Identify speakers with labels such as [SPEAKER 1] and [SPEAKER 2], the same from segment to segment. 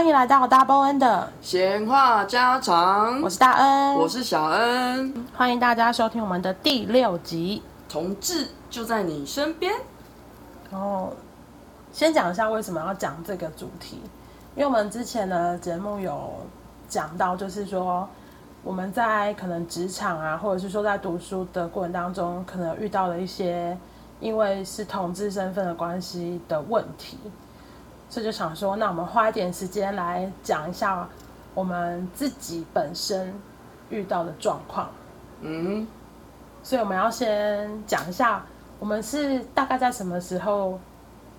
[SPEAKER 1] 歡迎來到我 DoubleNN 的閒話家常，我是大 N，我是小 n，歡迎大家收聽我們的第六集。同志就在你身邊。然後先講一下為什麼要講這個主題，因為我們之前的節目有講到，就是說我們在可能職場啊，或者是說在讀書的過程當中，可能遇到了一些因為是同志身份的關係的問題。所以就想說，那我們花一點時間來講一下我們自己本身遇到的狀況。嗯，所以我們要先講一下，我們是大概在什麼時候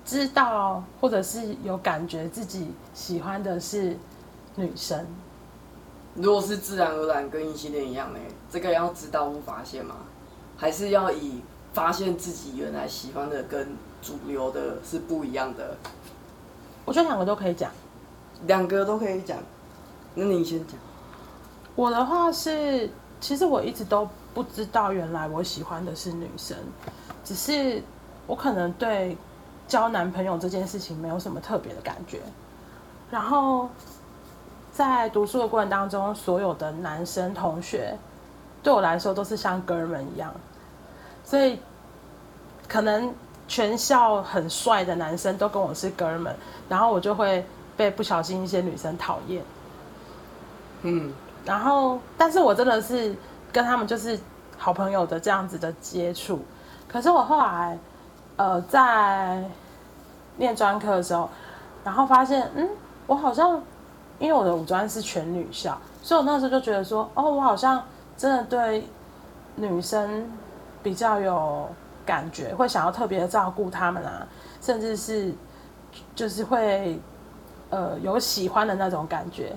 [SPEAKER 1] 知道，或者是有感覺自己喜歡的是女生？
[SPEAKER 2] 如果是自然而然跟異性戀一樣呢？這個要知道無發現嗎？還是要以發現自己原來喜歡的跟主流的是不一樣的？
[SPEAKER 1] 我覺得兩個都可以講，兩個都可以講。那你先講。我的話是，其實我一直都不知道，原來我喜歡的是女生。只是我可能對交男朋友這件事情沒有什麼特別的感覺。然後在讀書的過程當中，所有的男生同學對我來說都是像哥們一樣，所以可能。全校很帥的男生都跟我是哥們，然後我就會被不小心一些女生討厭。嗯，然後，但是我真的是跟他們就是好朋友的這樣子的接觸。可是我後來，呃，在念專科的時候，然後發現，嗯，我好像因為我的五專是全女校，所以我那時候就覺得說，哦，我好像真的對女生比較有。感覺會想要特別照顧他們啊，甚至是就是會呃有喜歡的那種感覺，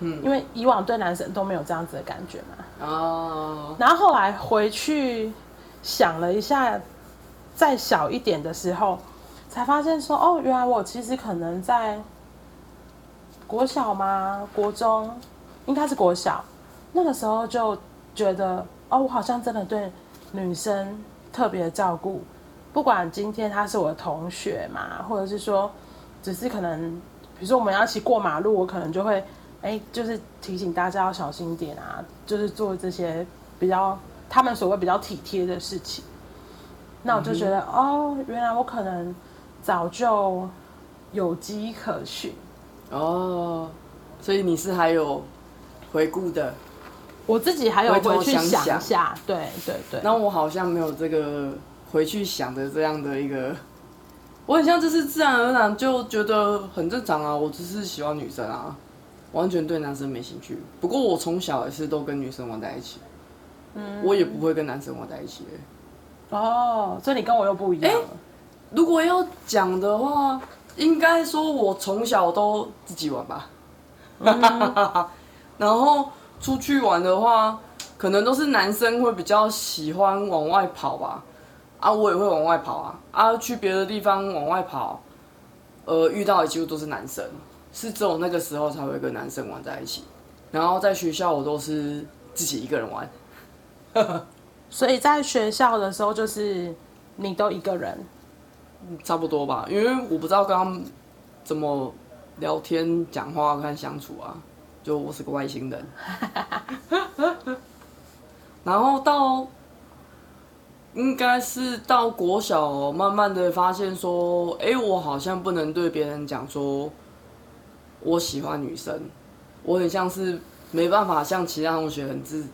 [SPEAKER 1] 嗯，因為以往對男生都沒有這樣子的感覺嘛。Oh. 然後後來回去想了一下，再小一點的時候才發現說，哦，原來我其實可能在國小嗎？國中應該是國小。那個時候就覺得，哦，我好像真的對女生。特別照顧，不管今天他是我的同學嘛，或者是說，只是可能，比如說我們要一起過馬路，我可能就會，哎、欸，就是提醒大家要小心點啊，就是做這些比較他們所謂比較體貼的事情。那我就覺得，嗯、哼，哦，原來我可能早就有跡可循
[SPEAKER 2] 哦，所以你是還有回顧的。
[SPEAKER 1] 我自己還有回去想一下，
[SPEAKER 2] 對對對。那我好像沒有這個回去想的這樣的一個，我很像就是自然而然就覺得很正常啊。我只是喜歡女生啊，完全對男生沒興趣。不過我從小也是都跟女生玩在一起，嗯，我也不會跟男生玩在一起、欸。哦，所以你跟我又不一樣、欸。如果要講的話，應該說我從小都自己玩吧。嗯、 然後。出去玩的話，可能都是男生會比較喜歡往外跑吧，啊，我也會往外跑啊，啊，去別的地方往外跑，呃，遇到的幾乎都是男生，是只有那個時候才會跟男生玩在一起，然後在學校我都是自己一個人玩。
[SPEAKER 1] 所以在學校的時候就是你都一個人？
[SPEAKER 2] 差不多吧，因為我不知道跟他們怎麼聊天、講話、跟相處啊。就我是個外星人， 然後到應該是到國小，慢慢的發現說，哎、欸，我好像不能對別人講說，我喜歡女生，我很像是沒辦法像其他同學很自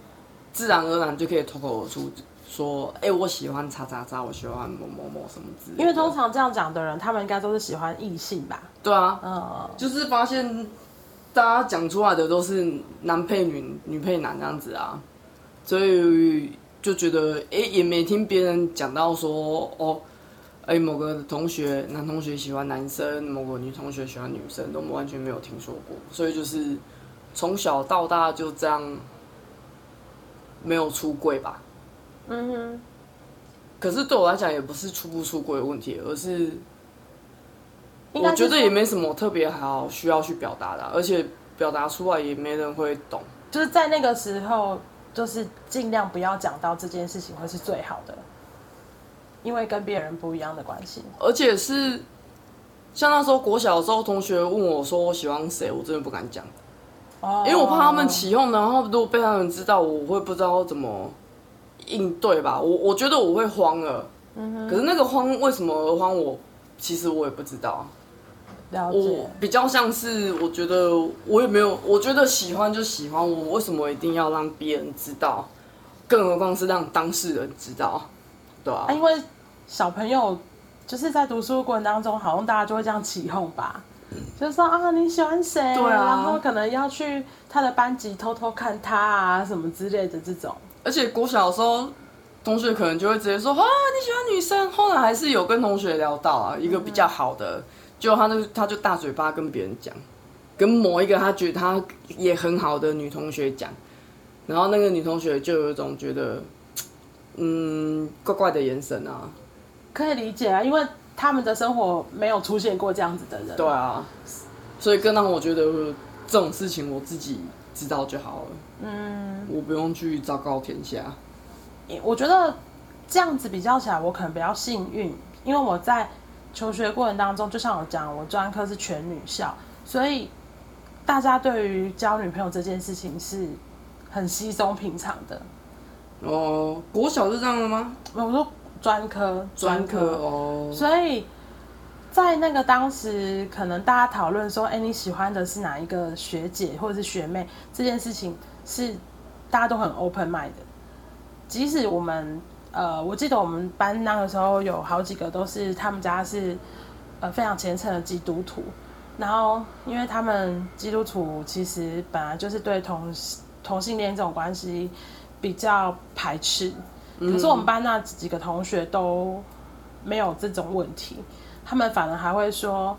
[SPEAKER 2] 自然而然就可以脫口而出說，哎、欸，我喜歡叉叉叉，我喜歡某某某什麼之類的。因為
[SPEAKER 1] 通常這樣講
[SPEAKER 2] 的人，他們應該都是喜歡異性吧？對啊，嗯，就是發現。大家講出來的都是男配女、女配男這樣子啊，所以就覺得哎、欸，也沒聽別人講到說哦，哎、欸，某個同學男同學喜歡男生，某個女同學喜歡女生，都完全沒有聽說過，所以就是從小到大就這樣沒有出櫃吧。嗯哼。可是對我來講，也不是出不出櫃的問題，而是。我覺得也沒什麼特別好需要去表達的啊，而且表達出來也沒人會懂。
[SPEAKER 1] 就是在那個時候，就是盡量不要講到這件事情會是最好的，因為跟別人不一樣的關係。
[SPEAKER 2] 而且是像那時候國小的時候，同學問我說我喜歡誰，我真的不敢講，oh. 因為我怕他們起哄，然後如果被他們知道，我會不知道怎麼應對吧。我我覺得我會慌了，mm hmm. 可是那個慌為什麼而慌我，我其實我也不知道。了我比較像是，我覺得我也沒有，我覺得喜歡就喜歡，我為什麼一定要讓別人知道？更何況是讓當事人知道，對啊。啊因
[SPEAKER 1] 為小朋友就是在讀書的過程當中，好像大家就會這樣起哄吧，嗯、就是說啊你喜歡誰？對啊。然後可能要去他的班級偷偷看他啊什麼之類的這種。
[SPEAKER 2] 而且國小的時候同學可能就會直接說啊你喜歡女生。後來還是有跟同學聊到啊，嗯嗯，一個比較好的。就他那，他就大嘴巴跟別人講，跟某一個他覺得他也很好的女同學講，然後那個女同學就有一種覺得，嗯，怪怪的眼神啊。可以理解啊，因為他們的生活沒有出現過這樣子的人。對啊，所以更讓我覺得這種事情我自己知道就好了。嗯，我不用去昭告天下。
[SPEAKER 1] 我覺得這樣子比較起來，我可能比較幸運，因為我在。求學過程當中，就像我講，我專科是全女校，所以大家對於交女朋友這件事情是很稀鬆平常的。哦，國小是這樣的嗎？我說專科，專科，專科哦。所以在那個當時，可能大家討論說：“哎、欸，你喜歡的是哪一個學姐或者是學妹？”這件事情是大家都很 open mind 的，即使我們。呃，我記得我們班那個時候有好幾個都是他們家是呃非常虔誠的基督徒，然後因為他們基督徒其實本來就是對同同性戀這種關係比較排斥，
[SPEAKER 2] 可是我們
[SPEAKER 1] 班那幾個同學都沒有這種問題，嗯、他們反而還會說，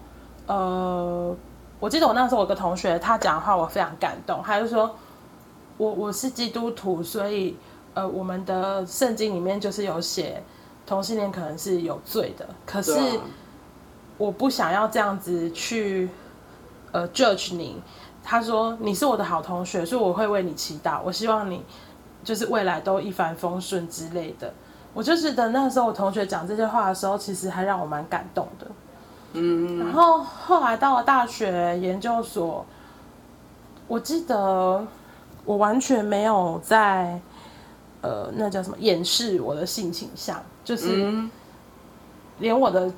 [SPEAKER 1] 呃，我記得我那時候有個同學他講的話我非常感動，他就說我我是基督徒，所以。呃，我們的聖經裡面就是有寫同性戀可能是有罪的，可是我不想要這樣子去呃 judge 你。他說你是我的好同學，所以我會為你祈禱。我希望你就是未來都一帆風順之類的。我就覺得那時候我同學講這些話的時候，其實還讓我蠻感動的。嗯，然後後來到了大學研究所，我記得我完全沒有在。呃，那叫什麼？掩飾我的性傾向，就是連我的、嗯、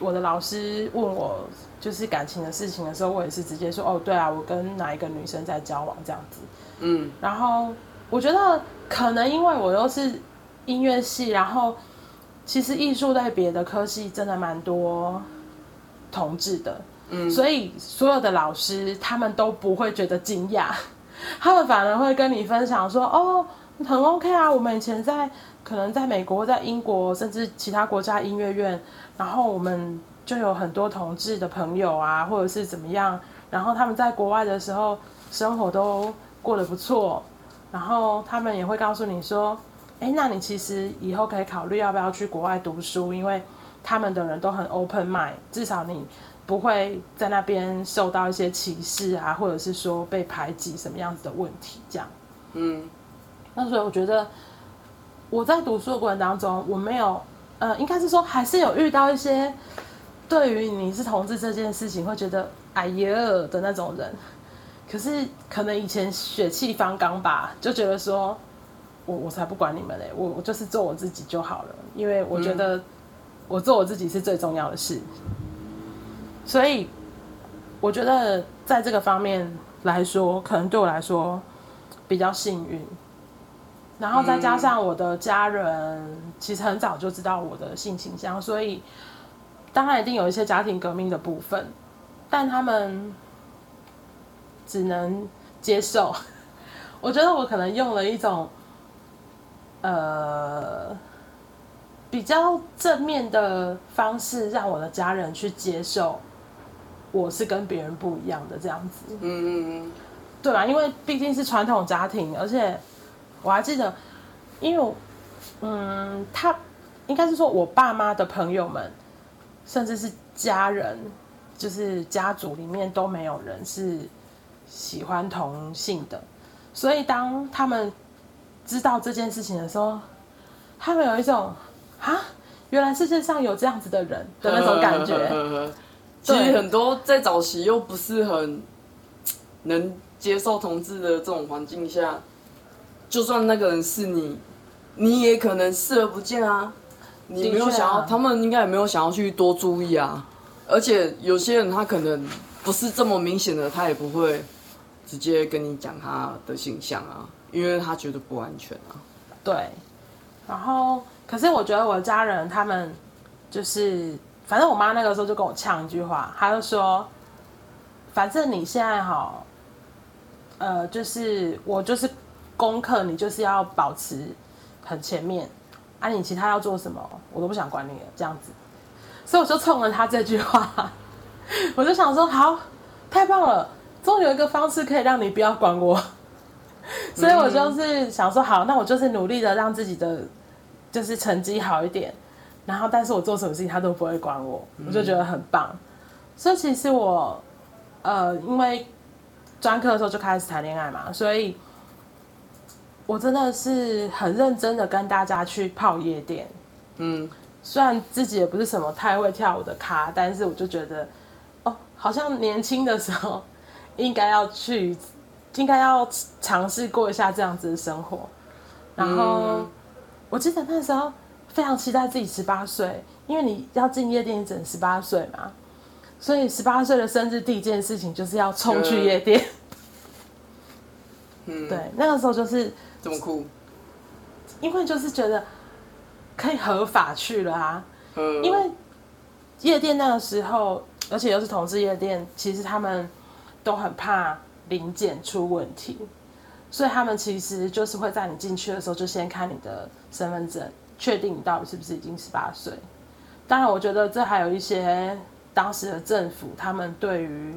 [SPEAKER 1] 我的老師問我就是感情的事情的時候，我也是直接說哦，對啊，我跟哪一個女生在交往這樣子。嗯，然後我覺得可能因為我又是音樂系，然後其實藝術在別的科系真的蠻多同志的，嗯，所以所有的老師他們都不會覺得驚訝，他們反而會跟你分享說哦，很 OK 啊！我們以前在，可能在美國、在英國，甚至其他國家音樂院，然後我們就有很多同志的朋友啊，或者是怎麼樣，然後他們在國外的時候生活都過得不錯，然後他們也會告訴你說：“哎，那你其實以後可以考慮要不要去國外讀書，因為他們的人都很 open mind，至少你不會在那邊受到一些歧視啊，或者是說被排擠什麼樣子的問題。”這樣，嗯。那所以我覺得，我在讀書的過程當中，我沒有呃，應該是說還是有遇到一些對於你是同志這件事情會覺得哎呀的那種人，可是可能以前血氣方剛吧，就覺得說我我才不管你們嘞，我我就是做我自己就好了，因為我覺得我做我自己是最重要的事，嗯、所以我覺得在這個方面來說，可能對我來說比較幸運。然後再加上我的家人，其實很早就知道我的性傾向，所以當然一定有一些家庭革命的部分，但他們只能接受。我覺得我可能用了一種呃比較正面的方式，讓我的家人去接受我是跟別人不一樣的這樣子。嗯，對吧？因為畢竟是傳統家庭，而且。我還記得，因為我，嗯，他應該是說，我爸媽的朋友們，甚至是家人，就是家族裡面都沒有人是喜歡同性的，所以當他們知道這件事情的時候，他們有一種啊，原來世界上有這樣子的人的那種感覺。
[SPEAKER 2] 其實很多在早期又不是很能接受同志的這種環境下。就算那個人是你，你也可能視而不見啊。你沒有想要，啊、他們應該也沒有想要去多注意啊。而且有些人他可能不是這麼明顯的，他也不會直接跟你講他的形象啊，因為他覺得不安全啊。對。
[SPEAKER 1] 然後，可是我覺得我家人他們就是，反正我媽那個時候就跟我嗆一句話，她就說：“反正你現在好，呃，就是我就是。”功課你就是要保持很前面，啊，你其他要做什麼，我都不想管你了，這樣子。所以我就衝了他這句話，我就想說，好，太棒了，終於有一個方式可以讓你不要管我。所以，我就是想說，好，那我就是努力的讓自己的就是成績好一點，然後，但是我做什麼事情他都不會管我，我就覺得很棒。所以，其實我，呃，因為專科的時候就開始談戀愛嘛，所以。我真的是很認真的跟大家去泡夜店，嗯，雖然自己也不是什麼太會跳舞的咖，但是我就覺得，哦，好像年輕的時候應該要去，應該要嘗試過一下這樣子的生活。然後、嗯、我記得那時候非常期待自己十八歲，因為你要進夜店你只能十八歲嘛，所以十八歲的生日第一件事情就是要衝去夜店。嗯、對，那個時候就是。因為就是覺得可以合法去了啊。嗯，因為夜店那個時候，而且又是同志夜店，其實他們都很怕臨檢出問題，所以他們其實就是會在你進去的時候就先看你的身份證，確定你到底是不是已經十八歲。當然，我覺得這還有一些當時的政府，他們對於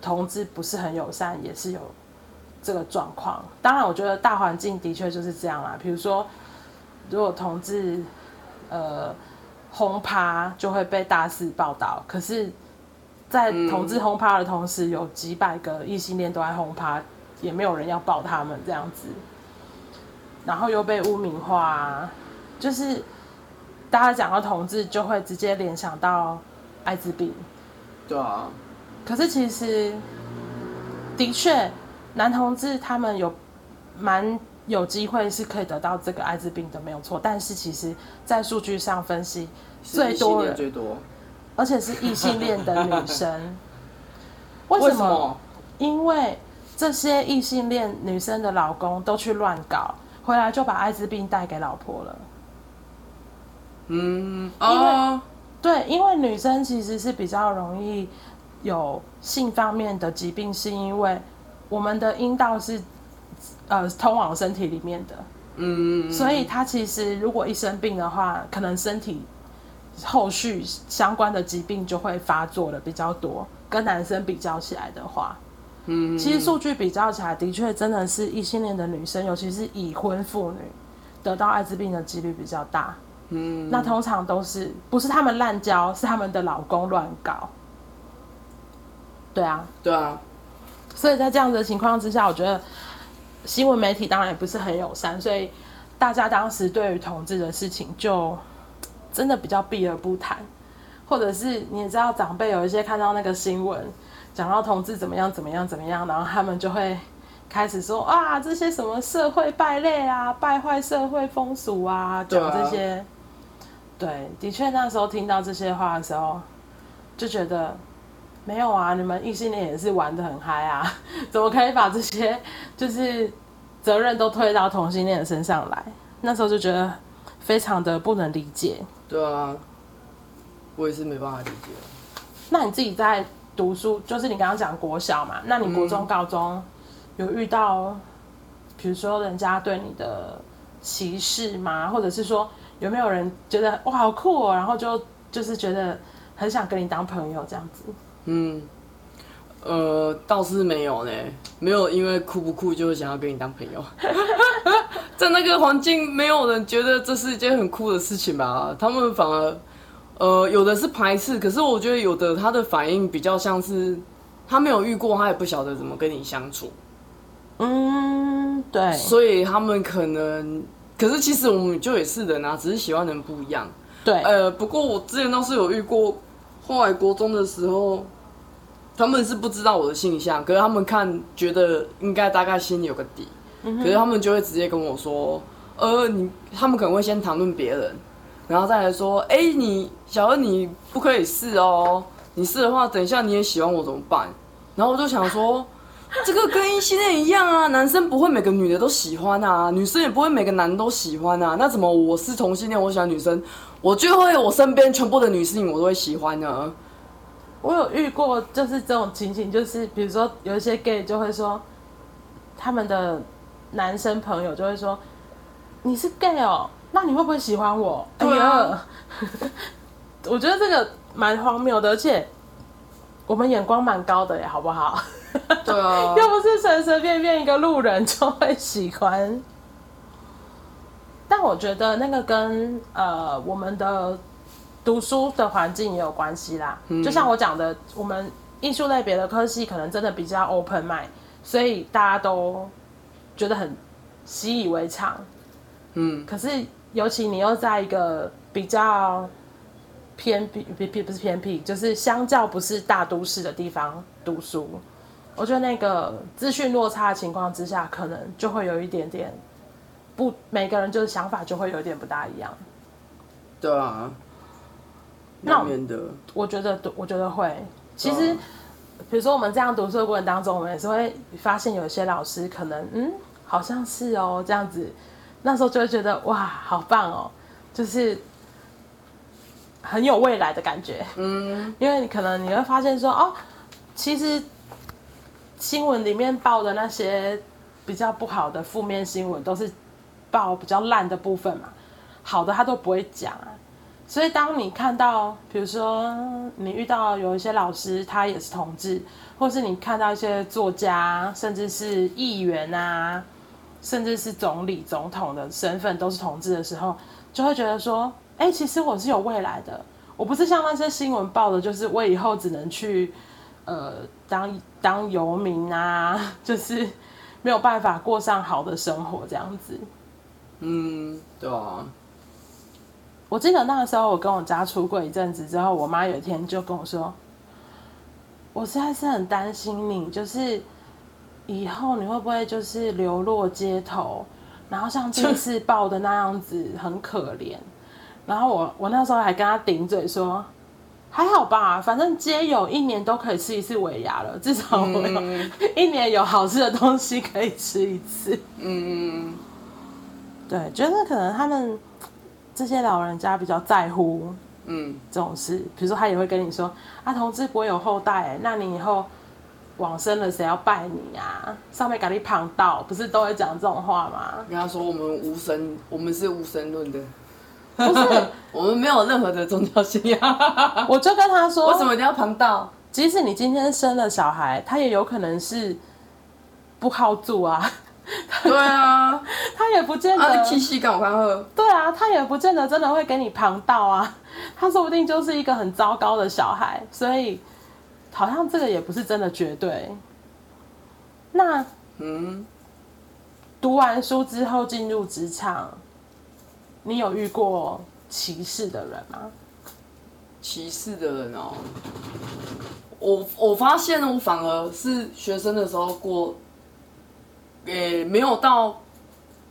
[SPEAKER 1] 同志不是很友善，也是有。這個狀況，當然，我覺得大環境的確就是這樣啦、啊。比如說，如果同志呃轟趴，紅就會被大肆報道。可是，在同志轟趴的同時，嗯、有幾百個異性戀都在轟趴，也沒有人要報他們這樣子，然後又被污名化、啊，就是大家講到同志，就會直接聯想到艾滋
[SPEAKER 2] 病。對啊。
[SPEAKER 1] 可是其實，的確。男同志他們有蠻有機會是可以得到這個艾滋病的，沒有錯。但是其實，在數據上分析，最多的最多，而且是異性戀的女生。 為什麼？為什麼？因為這些異性戀女生的老公都去亂搞，回來就把艾滋病帶給老婆了。
[SPEAKER 2] 嗯，啊、因為
[SPEAKER 1] 對，因為女生其實是比較容易有性方面的疾病，是因為。我們的陰道是，呃，通往身體裡面的，嗯，所以他其實如果一生病的話，可能身體後續相關的疾病就會發作的比較多。跟男生比較起來的話，嗯，其實數據比較起來，的確真的是異性戀的女生，尤其是已婚婦女，得到艾滋病的幾率比較大。嗯，那通常都是不是他們亂交，是他們的老公亂搞。對啊，對啊。所以在這樣的情況之下，我覺得新聞媒體當然也不是很友善，所以大家當時對於同志的事情就真的比較避而不談，或者是你也知道長輩有一些看到那個新聞，講到同志怎麼樣怎麼樣怎麼樣，然後他們就會開始說啊，這些什麼社會敗類啊，敗壞社會風俗啊，講這些。對，對，的確那時候聽到這些話的時候，就覺得。沒有啊，你們異性戀也是玩得很嗨啊，怎麼可以把這些就是責任都推到同性戀的身上來？那時候就覺得非常的不能理解。
[SPEAKER 2] 對啊，我也是沒辦法理解。
[SPEAKER 1] 那你自己在讀書，就是你剛剛講國小嘛，那你國中、嗯、高中有遇到，比如說人家對你的歧視嗎？或者是說有沒有人覺得哇好酷哦，然後就就是覺得很想跟你當朋友這樣子。
[SPEAKER 2] 嗯，呃，倒是沒有呢，沒有，因為酷不酷就想要跟你當朋友， 在那個環境，沒有人覺得這是一件很酷的事情吧？他們反而，呃，有的是排斥。可是我覺得有的他的反應比較像是他沒有遇過，他也不曉得怎麼跟你相處。嗯，對，所以他們可能，可是其實我們就也是人啊，只是喜歡的人不一樣。對，呃，不過我之前倒是有遇過，後來國中的時候。他們是不知道我的性向，可是他們看覺得應該大概心裡有個底，
[SPEAKER 1] 可是他們
[SPEAKER 2] 就會直接跟我說：“呃，你他們可能會先討論別人，然後再來說：哎、欸，你小 n 你不可以試哦，你試的話，等一下你也喜歡我怎麼辦？”然後我就想說，這個跟異性戀一樣啊，男生不會每個女的都喜歡啊，女生也不會每個男的都喜歡啊，那怎麼我是同性戀，我喜歡女生，我就會我身邊全部的女性我都會喜歡呢？我有遇過，就是這種情形，就是比如說有一些 gay 就會說，
[SPEAKER 1] 他們的男生朋友就會說，你是 gay 哦？那你會不會喜歡我？啊、哎呀，我覺得這個蠻荒謬的，而且我們眼光蠻高的耶，好不好？
[SPEAKER 2] 對啊， 又不
[SPEAKER 1] 是隨隨便便一個路人就會喜歡。但我覺得那個跟呃我們的。讀書的環境也有關係啦，嗯、就像我講的，我們藝術類別的科系可能真的比較 open mind，所以大家都覺得很習以為常。嗯，可是尤其你又在一個比較偏僻，偏僻不是偏僻，就是相較不是大都市的地方讀書，我覺得那個資訊落差的情況之下，可能就會有一點點不，每個人就是想法就會有一點不大一樣。
[SPEAKER 2] 對啊。那
[SPEAKER 1] 我覺得，我覺得會。其實，哦、比如說我們這樣讀書的過程當中，我們也是會發現有些老師可能，嗯，好像是哦這樣子，那時候就會覺得哇，好棒哦，就是很有未來的感覺。嗯，因為你可能你會發現說，哦，其實新聞裡面報的那些比較不好的負面新聞都是報比較爛的部分嘛，好的他都不會講啊。所以，當你看到，比如說你遇到有一些老師，他也是同志，或是你看到一些作家，甚至是議員啊，甚至是總理、總統的身份都是同志的時候，就會覺得說：哎、欸，其實我是有未來的，我不是像那些新聞報的，就是我以後只能去呃當當遊民啊，就是沒有辦法過上好的生活這樣子。嗯，對啊。我記得那個時候我跟我家出櫃一陣子之後，我媽有一天就跟我說：“我實在是很擔心你，就是以後你會不會就是流落街頭，然後像電視報的那樣子就很可憐。”然後我我那時候還跟她頂嘴說：“還好吧，反正街友一年都可以吃一次尾牙了，至少我有一年有好吃的東西可以吃一次。”嗯，對，覺得可能他們。這些老人家比較在乎，嗯，這種事，嗯、比如說他也會跟你說啊，同志不會有後代，那你以後往生了誰要拜你啊？上面
[SPEAKER 2] 給你旁道，不是都會講這種話嗎？跟他說我們無神，我們是無神論的，不 是， 我們沒有任何的宗教信仰。 我就跟他說，為什麼你
[SPEAKER 1] 要旁道？即使你今天生了小孩，他也有可能是不靠住啊。 對啊， 他也不見得、啊、七夕敢看二。對啊，他也不見得真的會給你旁道啊， 他說不定就是一個很糟糕的小孩，所以好像這個也不是真的絕對。那嗯，讀完書之後進入職場，你有
[SPEAKER 2] 遇過歧視的人嗎？歧視的人哦，我我發現我反而是學生的時候過。呃，也沒有到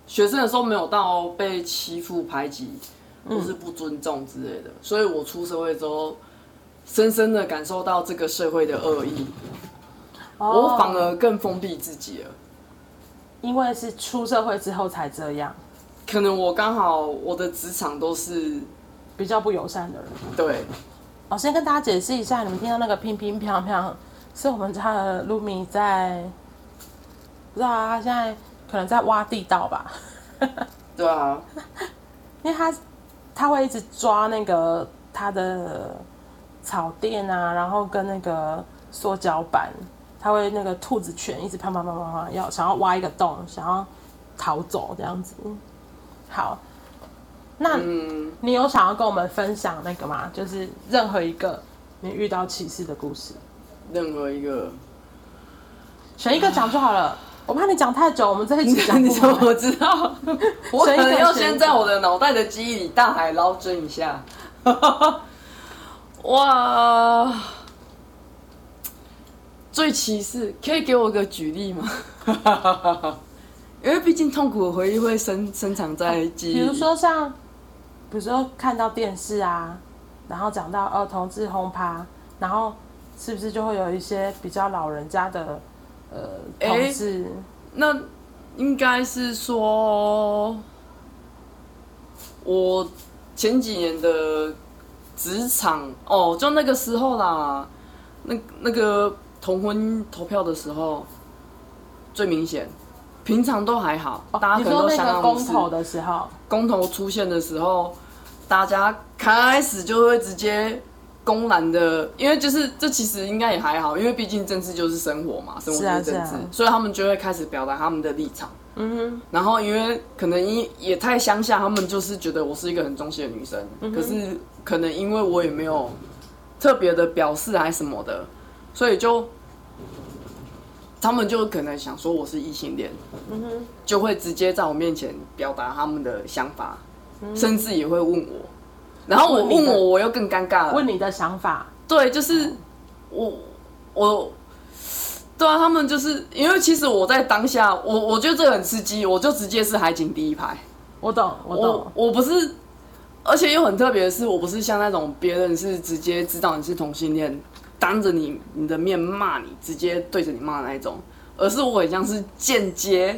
[SPEAKER 2] 學生的時候，沒有到被欺負、排擠、就是不尊重之類的，嗯、所以我出社會之後，深深的感受到這個社會的惡意，
[SPEAKER 1] 哦、我反
[SPEAKER 2] 而更封閉自己了。
[SPEAKER 1] 因為是出社會之後才這樣，可能我剛好
[SPEAKER 2] 我的職場都是比較不友善的人。對，
[SPEAKER 1] 我先跟大家解釋一下，你們聽到那個乒乒啪啪，是我們家的露米在。不知道啊，他現在可能在挖地道吧？ 對啊，因為他他會一直抓那個他的草墊啊，然後跟那個塑膠板，他會那個兔子犬一直啪啪啪啪啪，要想要挖一個洞，想要逃走這樣子。好，那你有想要跟我們分享那個嗎？就是任何一個你遇到歧
[SPEAKER 2] 視的故事，任何一個，
[SPEAKER 1] 選一個講就好了。 我怕你講太久，我們這一集講不完。
[SPEAKER 2] 我知道， 我可能要先在我的腦袋的記憶裡大海撈針一下。 哇，最歧視，可以給我個舉例嗎？ 因為畢竟痛苦的回憶會生、生長在記憶、啊。比如說
[SPEAKER 1] 像，比如說看到電視啊，然後講到兒童自轟趴，然後是不是就會有一些比較老人家的？呃，同事、
[SPEAKER 2] 欸，那應該是說，我前幾年的職場哦，就那個時候啦，那那個同婚投票的時候最明顯，平常都還好，哦、大家可能、哦、那個公投的時候，公投出現的時候，大家開始就會直接。公然的，因為就是這其實應該也還好，因為畢竟政治就是生活嘛，生活就是政治，是啊是啊，所以他們就會開始表達他們的立場。嗯哼。然後因為可能也太鄉下，他們就是覺得我是一個很中性的女生，嗯哼。可是可能因為我也沒有特別的表示還是什麼的，所以就他們就可能想說我是異性戀，嗯哼，就會直接在我面前表達他們的想法，嗯。甚至也會問我。然後我問我，問我又更尷尬了。問你的想法？對，就是、嗯、我我對啊，他們就是因為其實我在當下，我我覺得這個很刺激，我就直接是海景第一排。我懂，我懂我。我不是，而且又很特別的是，我不是像那種別人是直接知道你是同性戀，當着你你的面罵你，直接對着你罵那一種，而是我很像是間接。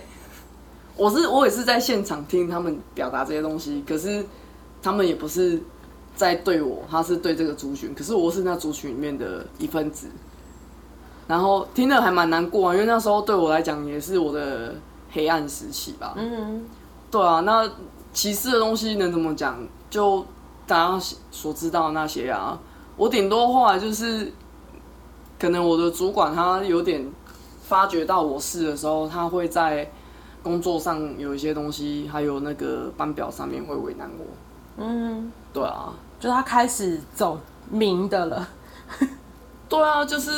[SPEAKER 2] 我是我也是在現場聽他們表達這些東西，可是他們也不是。在對我，他是對這個族群，可是我是那族群裡面的一份子。然後聽得還蠻難過啊，因為那時候對我來講也是我的黑暗時期吧。嗯哼，對啊，那歧視的東西能怎麼講？就大家所知道的那些啊，我頂多後來就是，可能我的主管他有點發覺到我是的時候，他會在工作上有一些東西，還有那個班表上面會為難我。嗯哼，對啊。就他開始走明的了，對啊，就是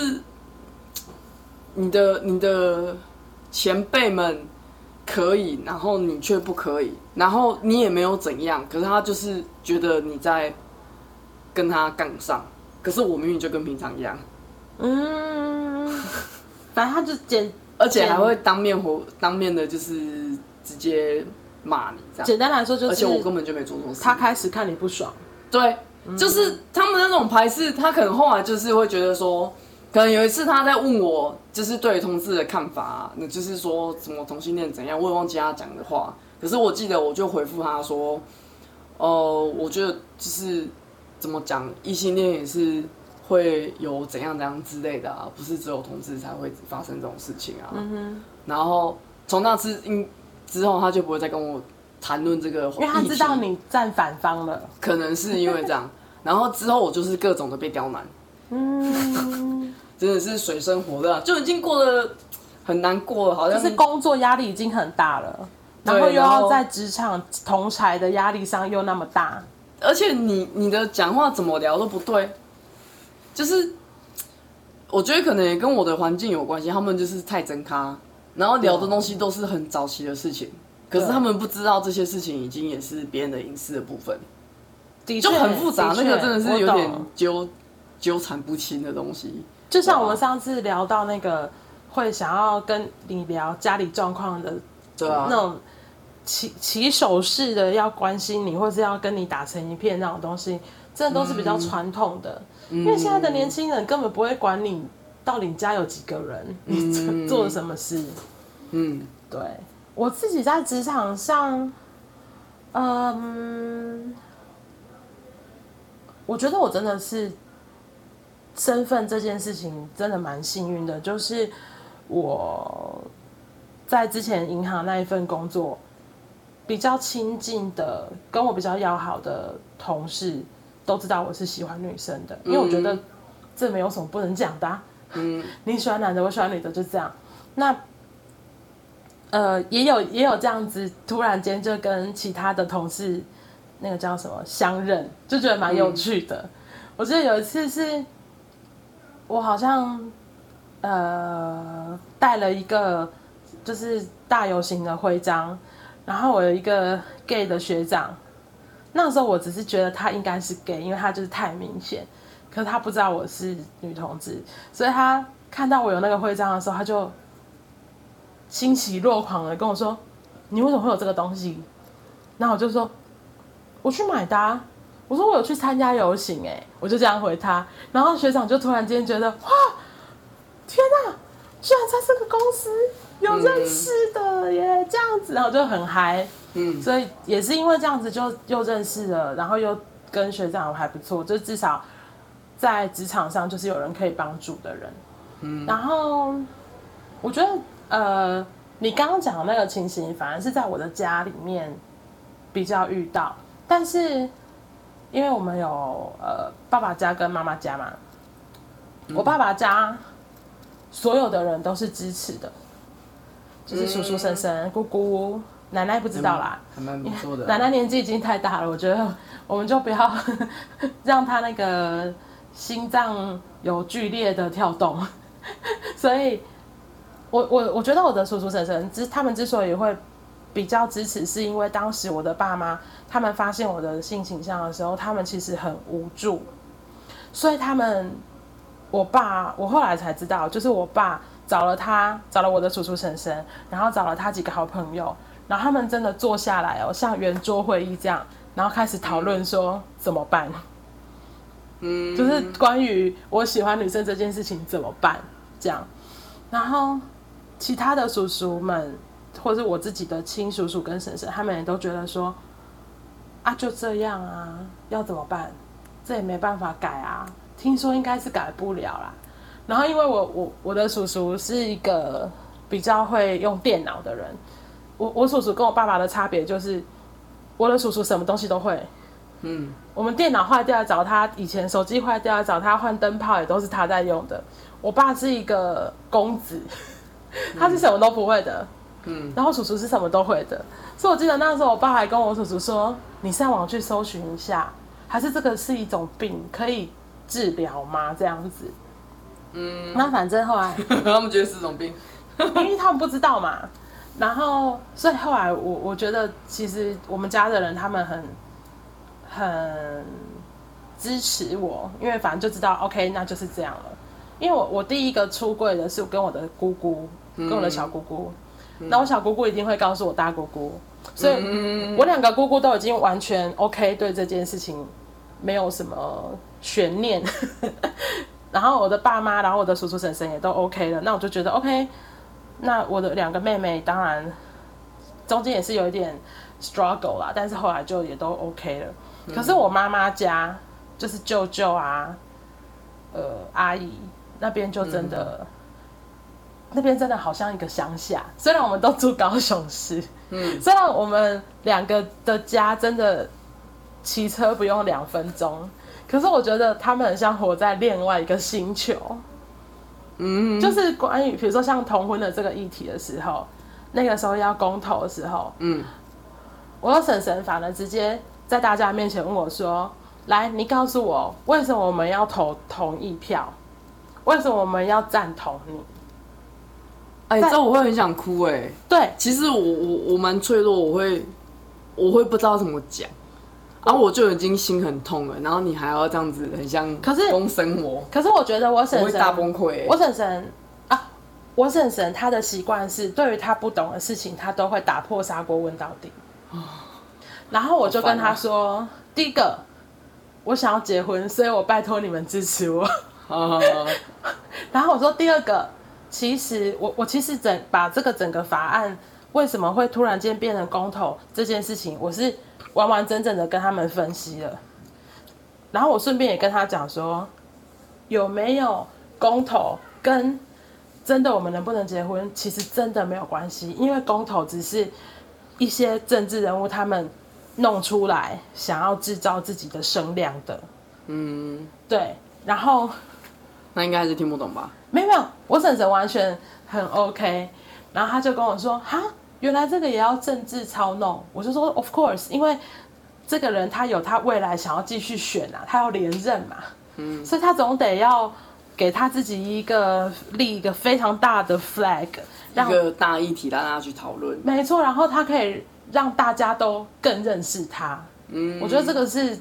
[SPEAKER 2] 你的你的前輩們可以，然後你卻不可以，然後你也沒有怎樣，可是他就是覺得你在跟他槓上，可是我明明就跟平常一樣，嗯，反正他就簡， 而且還會當面活，當面的，就是直接罵你這樣。簡單來說，就是，而且我根本就沒做錯事。他開始看你不爽。對，嗯、就是他們那種排斥，他可能後來就是會覺得說，可能有一次他在問我，就是對於同志的看法，啊，那就是說怎麼同性戀怎樣，我也忘記他講的話。可是我記得我就回復他說，哦、呃，我覺得就是怎麼講，異性戀也是會有怎樣怎樣之類的，啊，不是只有同志才會發生這種事情啊。嗯、哼然後從那次因之後，他就不會再跟我談論這個話題，因為他知道你站反方了，可能是因為這樣。 然後之後我就是各種的被刁難，嗯呵呵，真的是水深火熱，就已經過得很難過了，好像就是工作壓力已經很大了，然後又要在
[SPEAKER 1] 職場同儕的壓力上又那麼
[SPEAKER 2] 大，而且你你的講話怎麼聊都不對，就是我覺得可能也跟我的環境有關係，他們就是太真咖，然後聊的東西都是很早期的事情。可是他們不知道這些事情已經也是別人的隱私的部分，的確確就很複雜，確那個真的是有點懂糾糾纏不清的東西。
[SPEAKER 1] 就像我們上次聊到那個會想要跟你聊家裡狀況的，對啊，那種起起手式的要關心你，或是要跟你打成一片那種東西，真的都是比較傳統的。嗯、因為現在的年輕人根本不會管你到底你家有幾個人，嗯、你做了什麼事，嗯，對。我自己在職場上，嗯，我覺得我真的是身份這件事情真的蠻幸運的，就是我在之前銀行那一份工作，比較親近的跟我比較要好的同事都知道我是喜歡女生的，因為我覺得這沒有什麼不能講的，啊，嗯， 你喜歡男的，我喜歡女的，就這樣，那。呃，也有也有這樣子，突然間就跟其他的同事，那個叫什麼相認，就覺得蠻有趣的。嗯、我記得有一次是，我好像呃帶了一個就是大遊行的徽章，然後我有一個 gay 的學長，那個時候我只是覺得他應該是 gay，因為他就是太明顯，可是他不知道我是女同志，所以他看到我有那個徽章的時候，他就。欣喜若狂的跟我說：“你為什麼會有這個東西？”然後我就說：“我去買的啊。”我說：“我有去參加遊行。”哎，我就這樣回他。然後學長就突然間覺得：“哇，天啊！居然在這個公司
[SPEAKER 2] 有認識
[SPEAKER 1] 的耶！”嗯，這樣子，然後我就很嗨。嗯，所以也是因為這樣子，就又認識了，然後又跟學長還不錯，就至少在職場上就是有人可以幫助的人。嗯，然後我覺得。呃，你剛剛講的那個情形，反而是在我的家裡面比較遇到。但是，因為我們有呃爸爸家跟媽媽家嘛，我爸爸家所有的人都是支持的，嗯、就是叔叔、嬸嬸、嗯、姑姑、奶奶不知道啦，還蠻不錯的，啊。奶奶年紀已經太大了，我覺得我們就不要 讓他那個心臟有劇烈的跳動， 所以。我我我覺得我的叔叔嬸嬸之他們之所以會比較支持，是因為當時我的爸媽他們發現我的性傾向的時候，他們其實很無助，所以他們我爸我後來才知道，就是我爸找了他找了我的叔叔嬸嬸，然後找了他幾個好朋友，然後他們真的坐下來哦，像圓桌會議這樣，然後開始討論說怎麼辦，嗯，
[SPEAKER 2] 就是
[SPEAKER 1] 關於我喜歡女生這件事情怎麼辦這樣，然後。其他的叔叔們，或者我自己的親叔叔跟嬸嬸，他們也都覺得說，啊，就這樣啊，要怎麼辦？這也沒辦法改啊，聽說應該是改不了啦。然後，因為我我我的叔叔是一個比較會用電腦的人，我我叔叔跟我爸爸的差別就是，我的叔叔什麼東西都會，嗯，我們電腦壞掉來找他，以前手機壞掉來找他換燈泡，也都是他在用的。我爸是一個公子。他是什麼都不會的，嗯，然後叔叔是什麼都會的，所以我記得那時候我爸還跟我叔叔說：“你上網去搜尋一下，還是這個是一種病，可以治療嗎？”這樣子，
[SPEAKER 2] 嗯，那反正後來 他們覺得是種病，
[SPEAKER 1] 因為他們不知道嘛。然後所以後來我我覺得其實我們家的人他們很很支持我，因為反正就知道 OK，那就是這樣了。因為我我第一個出櫃的是跟我的姑姑。跟我的小姑姑，那我、嗯、小姑姑一定會告訴我大姑姑，嗯、所以我兩個姑姑都已經完全 OK，對這件事情沒有什麼懸念。 然後我的爸媽，然後我的叔叔嬸嬸也都 OK 了，那我就覺得 OK。那我的兩個妹妹當然中間也是有一點 struggle 啦，但是後來就也都 OK 了。嗯、可是我媽媽家就是舅舅啊，呃，阿姨那邊就真的。嗯的那邊真的好像一個鄉下，雖然我們都住高雄市，嗯，雖然我們兩個的家真的騎車不用兩分鐘，可是我覺得他們很像活在另外一個星球。嗯哼，就是關於比如說像同婚的這個議題的時候，那個時候要公投的時候，嗯，我嬸嬸反而直接在大家面前問我說：“來，你告訴我，為什麼我們要投同意票？
[SPEAKER 2] 為什麼我們要贊同你？”哎，你知道、欸、我會很想哭哎、欸。對，其實我我我蠻脆弱，我會我會不知道怎麼講，然後我，、啊、我就已經心很痛了，然後你還要這樣子，很像可是風生活。可是我覺得我嬸嬸會大崩潰、欸。我嬸嬸啊，我嬸嬸她的習慣是，對於他不懂的
[SPEAKER 1] 事情，他都會打破砂鍋問到底。然後我就跟他說，喔、第一個，我想要結婚，所以我拜託你們支持我。好好好好 然後我說，第二個。其實我我其實整把這個整個法案為什麼會突然間變成公投這件事情，我是完完整整的跟他們分析了，然後我順便也跟他講說，有沒有公投跟真的我們能不能結婚，其實真的沒有關係，因為公投只是一些政治人物他們弄出來想要制造自己的聲量的，嗯，對，然後，那應該還是聽不懂吧。沒有沒有，我嬸嬸完全很 OK，然後他就跟我說：“哈，原來這個也要政治操弄。”我就說：“Of course，因為這個人他有他未來想要繼續選啊，他要連任嘛，嗯，所以他總得要給他自己一個立一個非常大的 flag，一個大議題讓大家去討論，沒錯。然後他可以讓大家都更認識他，嗯，我覺得這個是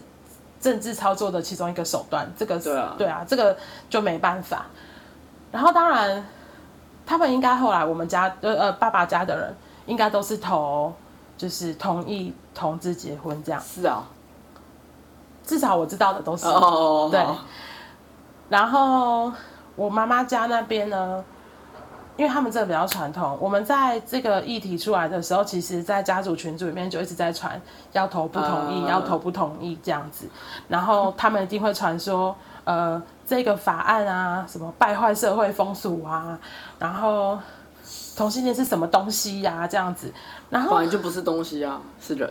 [SPEAKER 1] 政治操作的其中一個手段。這個對啊，對啊，這個就沒辦法。”然後，當然，他們應該後來我們家呃呃爸爸家的人應該都是投，就是同意同志結婚這樣。是啊、哦、至少我知道的都是哦、oh, oh, oh, oh. 對。然後我媽媽家那邊呢，因為他們這個比較傳統，我們在這個議題出來的時候，其實，在家族群組裡面就一直在傳要投不同意，oh. 要投不同意這樣子。然後他們一定會傳說、oh. 呃。這個法案啊，什麼敗壞社會風俗啊，然後同性戀是什麼東西呀？
[SPEAKER 2] 這樣子，然後本來就不是東西啊，是人。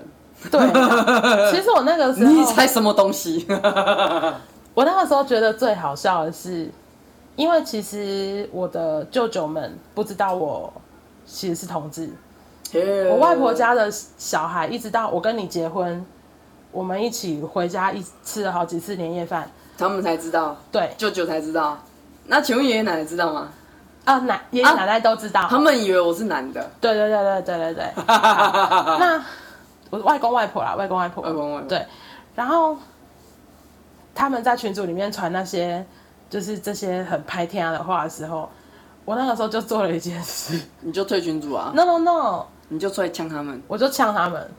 [SPEAKER 2] 對啊， 其實我
[SPEAKER 1] 那個時候你猜
[SPEAKER 2] 什麼東西？
[SPEAKER 1] 我那個時候覺得最好笑的是，因為其實我的舅舅們不知道我其實是同志。Yeah. 我外婆家的小孩，一直到我跟你結婚，我們一起
[SPEAKER 2] 回家一起吃了好幾次年夜飯。他們才知道，對，舅舅才知道。那請問爺爺奶奶知道嗎？
[SPEAKER 1] 啊，奶爺爺奶奶都知道、啊。
[SPEAKER 2] 他們以為我是男的。對對對對對對對。 那
[SPEAKER 1] 我外公外婆啦，外公外婆，外公外婆。外婆對。然後他們在群組裡面傳那些就是這些很拍天啊的話的時候，我那個時候就做了一件事，你就退群組啊？No no no！你
[SPEAKER 2] 就出來嗆他們，
[SPEAKER 1] 我就嗆他們。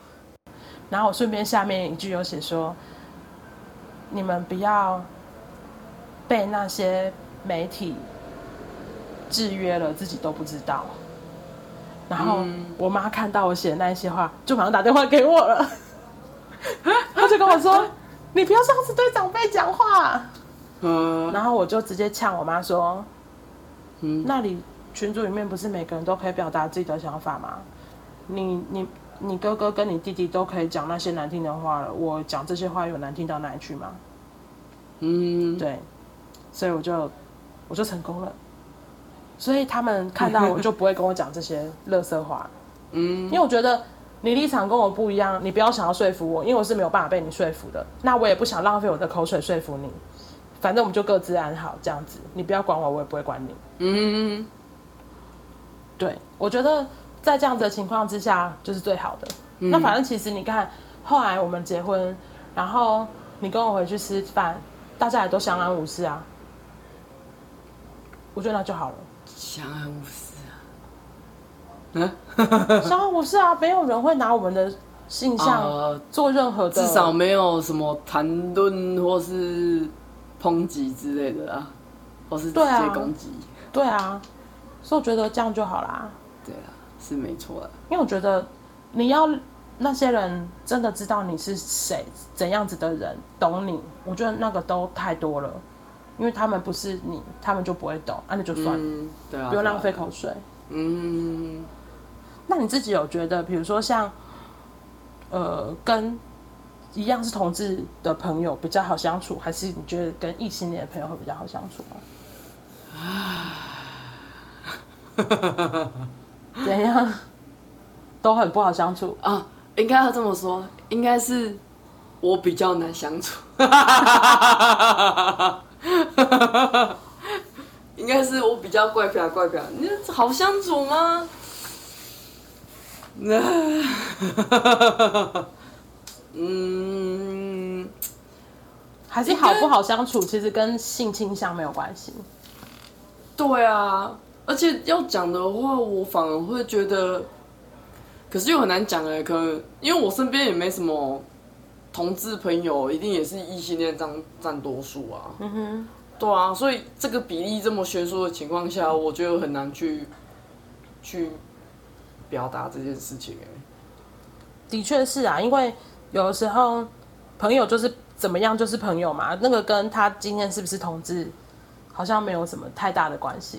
[SPEAKER 1] 然後我順便下面一句有寫說。你們不要被那些媒體制約了，自己都不知道。然後我媽看到我寫的那一些話，就馬上打電話給我了，嗯、 她就跟我說：“啊啊、你不要這樣子對長輩講話。”嗯，然後我就直接嗆我媽說：“嗯，那裡群組裡面不是每個人都可以表達自己的想法嗎？你你。”你哥哥跟你弟弟都可以講那些難聽的話了，我講這些話有難聽到哪裡去嗎？嗯、mm，hmm. 對，所以我就我就成功了，所以他們看到我就不會跟我講這些垃圾話。嗯、mm，hmm. 因為我覺得你立場跟我不一樣，你不要想要說服我，因為我是沒有辦法被你說服的。那我也不想浪費我的口水說服你，反正我們就各自安好這樣子。你不要管我，我也不會管你。嗯、mm，hmm. 對，我覺得。在這樣的情況之下，就是最好的。嗯、那反正其實你看，後來我們結婚，然後你跟我回去吃飯，大家也都相安無事啊。嗯、我覺得那就好了。
[SPEAKER 2] 相安無事啊。嗯、啊。相
[SPEAKER 1] 安無事啊，沒有人會拿我們的性向
[SPEAKER 2] 做任何的、呃。至少沒有什麼談論或是抨擊之類的啊，或是直接攻擊、啊。
[SPEAKER 1] 對啊。所以我覺得這樣就好啦。對啊。
[SPEAKER 2] 是沒錯的，
[SPEAKER 1] 因為我覺得你要那些人真的知道你是誰、怎樣子的人，懂你，我覺得那個都太多了，因為他們不是你，他們就不會懂，啊，那就算了、嗯，對
[SPEAKER 2] 啊，不用浪費口水。啊啊、嗯，那你
[SPEAKER 1] 自己有覺得，比如說像呃，跟一樣是同志的朋友比較好相處，還是你覺得跟異性戀的朋友會比較好相處嗎？啊，
[SPEAKER 2] 怎樣，都很不好相處啊！應該要這麼說，應該是我比較難相處。 應該是我比較怪癖啊，怪癖，你好相處嗎？ 嗯，還是好不
[SPEAKER 1] 好相處，應該，其實跟性傾向沒有關係。
[SPEAKER 2] 對啊。而且要講的話，我反而會覺得，可是又很難講哎。可能因為我身邊也沒什麼同志朋友，一定也是異性戀占占多數啊。嗯哼，對啊，所以這個比例這麼懸殊的情況下，我覺得很難去去表達這件事情哎。
[SPEAKER 1] 的確是啊，因為有的時候朋友就是怎麼樣就是朋友嘛，那個跟他今天是不是同志，好像沒有什麼
[SPEAKER 2] 太大的關係。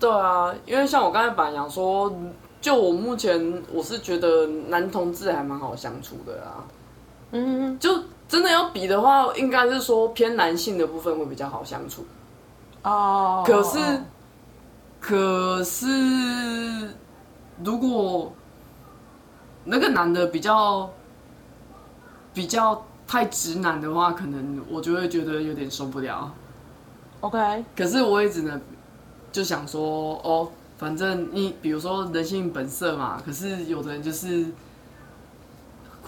[SPEAKER 2] 對啊，因為像我剛才反正講說，就我目前我是覺得男同志還蠻好相處的啊，嗯哼，就真的要比的話，應該是說偏男性的部分會比較好相處，哦、oh.，可是可是如果那個男的比較比較太直男的話，可能我就會覺得有點受不了
[SPEAKER 1] ，OK，可是我
[SPEAKER 2] 也只能。就想說哦，反正你比如說人性本色嘛，可是有的人就是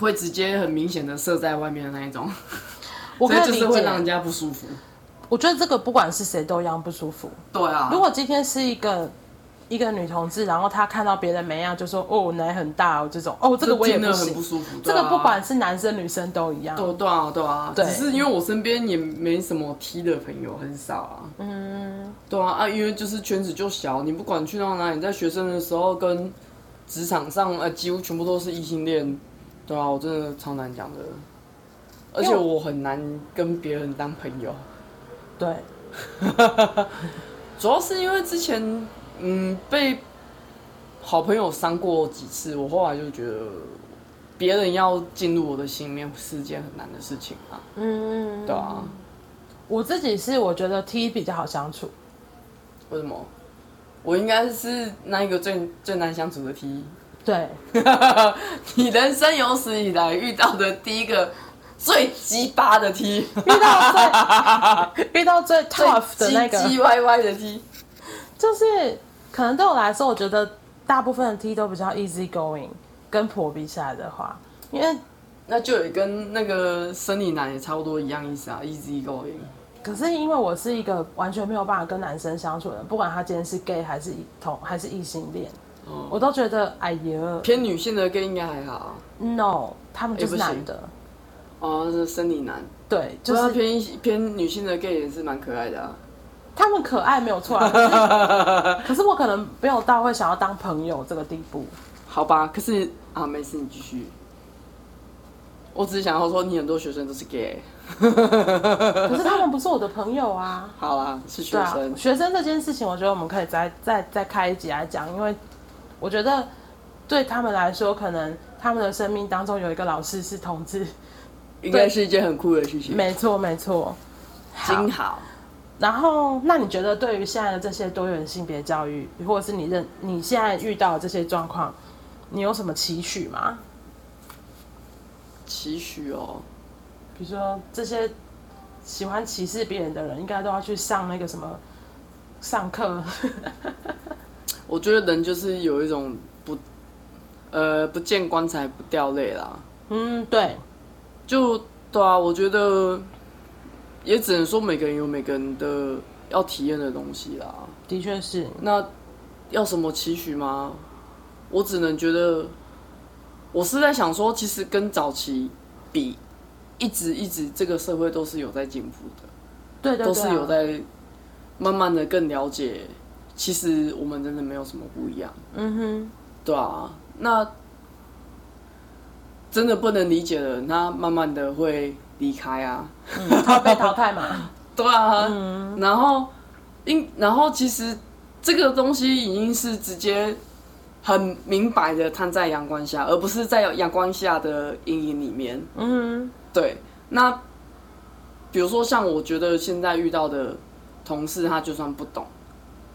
[SPEAKER 2] 會直接很明顯的射在外面的那一種，
[SPEAKER 1] 我覺得 就是會讓人家
[SPEAKER 2] 不舒服。我，
[SPEAKER 1] 我覺得這個不管是誰都一樣不舒服。對啊，如果今天是一個。一個女同志，然後她看到別人沒樣、啊，就說：“哦，我奶
[SPEAKER 2] 很大哦。”這種哦，這個我也聽得很不舒服。啊、這個不管是男生女
[SPEAKER 1] 生都一樣。對啊，
[SPEAKER 2] 對啊。對啊。對。只是因為我身邊也沒什麼 T 的朋友，很少啊。嗯。對啊，啊，因為就是圈子就小，你不管去到哪裡，你在學生的時候跟職場上，呃，幾乎全部都是異性戀。對啊，我真的超難講的。而且我很難跟別人當朋友。對。 主要是因為之前。嗯，被好朋友傷過幾次，我後來就覺得別人要進入我的心裡面是件很難的事情啊。嗯，
[SPEAKER 1] 對啊，我
[SPEAKER 2] 自己是我覺得 T 比較好相處。為什麼？我應該是那一個最最難相處的 T。對，你人生有史以來遇到的第一個最雞巴的 T，遇到最
[SPEAKER 1] 遇到最 tough 的那個唧唧歪歪的 T。就是可能對我來說，我覺得大部分的 T 都比較 easy going，跟婆婆比起來的話，
[SPEAKER 2] 因為那就也跟那個生理男也差不多一樣意思啊，easy going。
[SPEAKER 1] 可是因為我是一個完全沒有辦法跟男生相處的，不管他今天是 gay 還是同還是異性戀，嗯、我都覺得哎呀，偏
[SPEAKER 2] 女性的 gay 應該還好，啊。No，他們就是男的。欸、哦，就是生理男。
[SPEAKER 1] 對，就是偏
[SPEAKER 2] 偏女性的 gay 也是蠻可愛的啊。他們可愛沒有錯啊，可是我可能沒有到會想要當朋友這個地步。好吧，可是啊，沒事，你繼續。我只想要說，你很多學生都是 gay。可是他
[SPEAKER 1] 們不是我的朋友啊。
[SPEAKER 2] 好啊，是學生。
[SPEAKER 1] 啊、學生這件事情，我覺得我們可以再再再開一集來講，因為我覺得對他們來說，可能他們的生命當中有一個老師是同志，
[SPEAKER 2] 應該是一件很酷的事情對。沒
[SPEAKER 1] 錯，沒錯。金好。然後，那你覺得對於現在的這些多元性別教育，或者是你認你現在遇到這些狀況，你有什麼期許嗎？
[SPEAKER 2] 期許哦，
[SPEAKER 1] 比如說這些喜歡歧視別人的人，應該都要去上那個什麼上課。
[SPEAKER 2] 我覺得人就是有一種不，呃，不見棺材不掉淚啦。
[SPEAKER 1] 嗯，對，
[SPEAKER 2] 就對啊，我覺得。也只能說每個人有每個人的要體驗的東西啦。的確是，嗯、那要什麼期許嗎？我只能覺得，我是在想說，其實跟早期比，一直一直這個社會都是有在進步的，
[SPEAKER 1] 對，對，對，啊，都是有
[SPEAKER 2] 在慢慢的更了解。其實我們真的沒有什麼不一樣。嗯哼，對啊，那真的不能理解的人，他慢慢的會。離開啊、嗯，他被淘汰嘛？ 對啊，嗯、然後，因然後其實這個東西已經是直接很明白的攤在陽光下，而不是在有陽光下的陰影裡面。嗯哼，對。那比如說像我覺得現在遇到的同事，他就算不懂，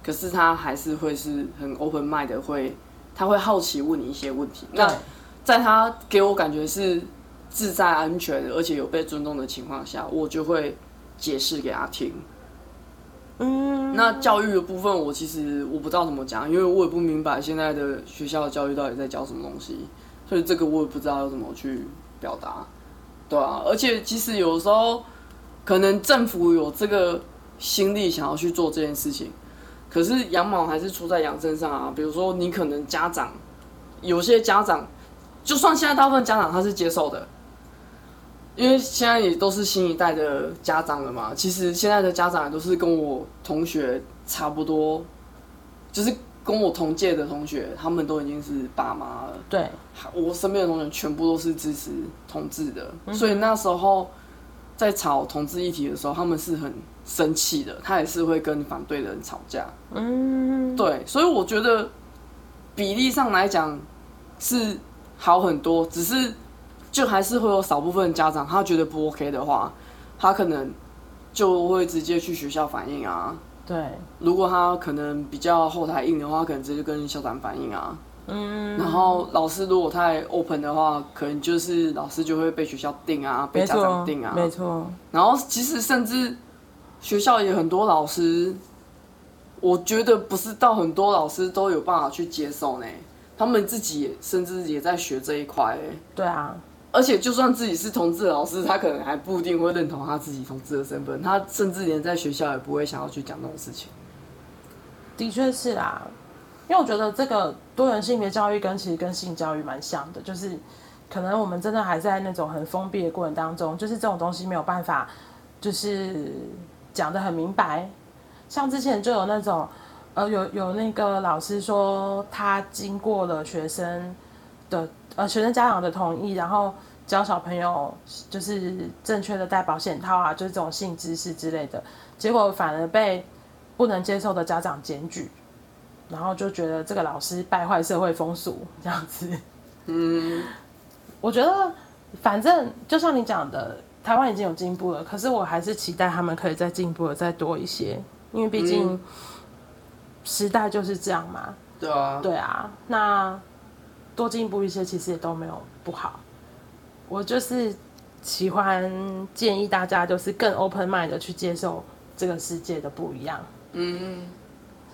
[SPEAKER 2] 可是他還是會是很 open mind 的會，會他會好奇問你一些問題。對那在他給我感覺是。自在、安全，而且有被尊重的情況下，我就會解釋給他聽。嗯，那教育的部分，我其實我不知道怎麼講，因為我也不明白現在的學校的教育到底在教什麼東西，所以這個我也不知道要怎麼去表達，對啊。而且，即使有時候可能政府有這個心力想要去做這件事情，可是羊毛還是出在羊身上啊。比如說，你可能家長，有些家長，就算現在大部分家長他是接受的。因為現在也都是新一代的家長了嘛，其實現在的家長也都是跟我同學差不多，就是跟我同屆的同學，他們都已經是爸媽了。對，我身邊的同學全部都是支持同志的，嗯、所以那時候在吵同志議題的時候，他們是很生氣的，他也是會跟反對的人吵架。嗯，對，所以我覺得比例上來講是好很多，只是。就還是會有少部分家長，他覺得不 OK 的話，他可能就會直接去學校反映啊。對，如果他可能比較後台硬的話，可能直接跟校長反映啊。嗯。然後老師如果太 open 的話，可能就是老師就會被學校定啊，沒錯，被家長定啊。沒錯錯。沒錯。然後其實甚至學校也很多老師，我覺得不是到很多老師都有辦法去接受呢。他們自己甚至也在學這一塊、欸。對啊。而且，就算自己是同志的老師，他可能還不一定會認同他自己同志的身份。他甚至連在學校也不會想要去講那種事情。
[SPEAKER 1] 的確是啦，啊，因為我覺得這個多元性別教育跟其實跟性教育蠻像的，就是可能我們真的還在那種很封閉的過程當中，就是這種東西沒有辦法，就是講得很明白。像之前就有那種，呃，有有那個老師說他經過了學生。的呃，學生家長的同意，然後教小朋友就是正確的戴保險套啊，就是這種性知識之類的，結果反而被不能接受的家長檢舉，然後就覺得這個老師敗壞社會風俗這樣子。嗯，我覺得反正就像你講的，台灣已經有進步了，可是我還是期待他們可以再進步的再多一些，因為畢竟時代就是這樣嘛。嗯、
[SPEAKER 2] 對啊，對
[SPEAKER 1] 啊，那。多進步一些，其實也都沒有不好。我就是喜歡建議大家，就是更 open mind 的去接受這個世界的不一樣。嗯,嗯，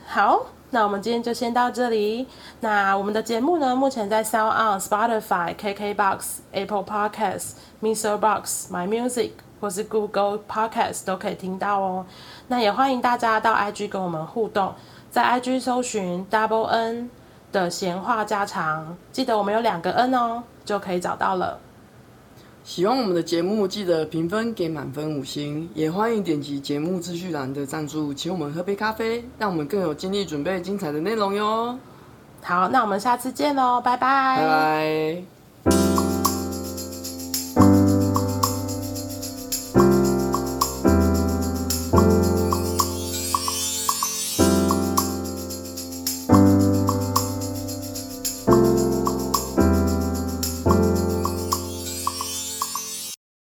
[SPEAKER 1] 好，那我們今天就先到這裡。那我們的節目呢，目前在 Sound on、Spotify、KK Box、Apple Podcasts、MixerBox、My Music 或是 Google Podcast 都可以聽到哦。那也歡迎大家到 IG 跟我們互動，在 IG 搜尋 Double N。的閒話家常，記得我們有
[SPEAKER 2] 兩個 N 哦，就可以找到了。喜歡我們的節目，記得評分給滿分五星，也歡迎點擊節目資訊欄的贊助，請我們喝杯咖啡，讓我們更有精力準備精彩的內容喲。好，那我們下次見嘍，拜拜。拜拜。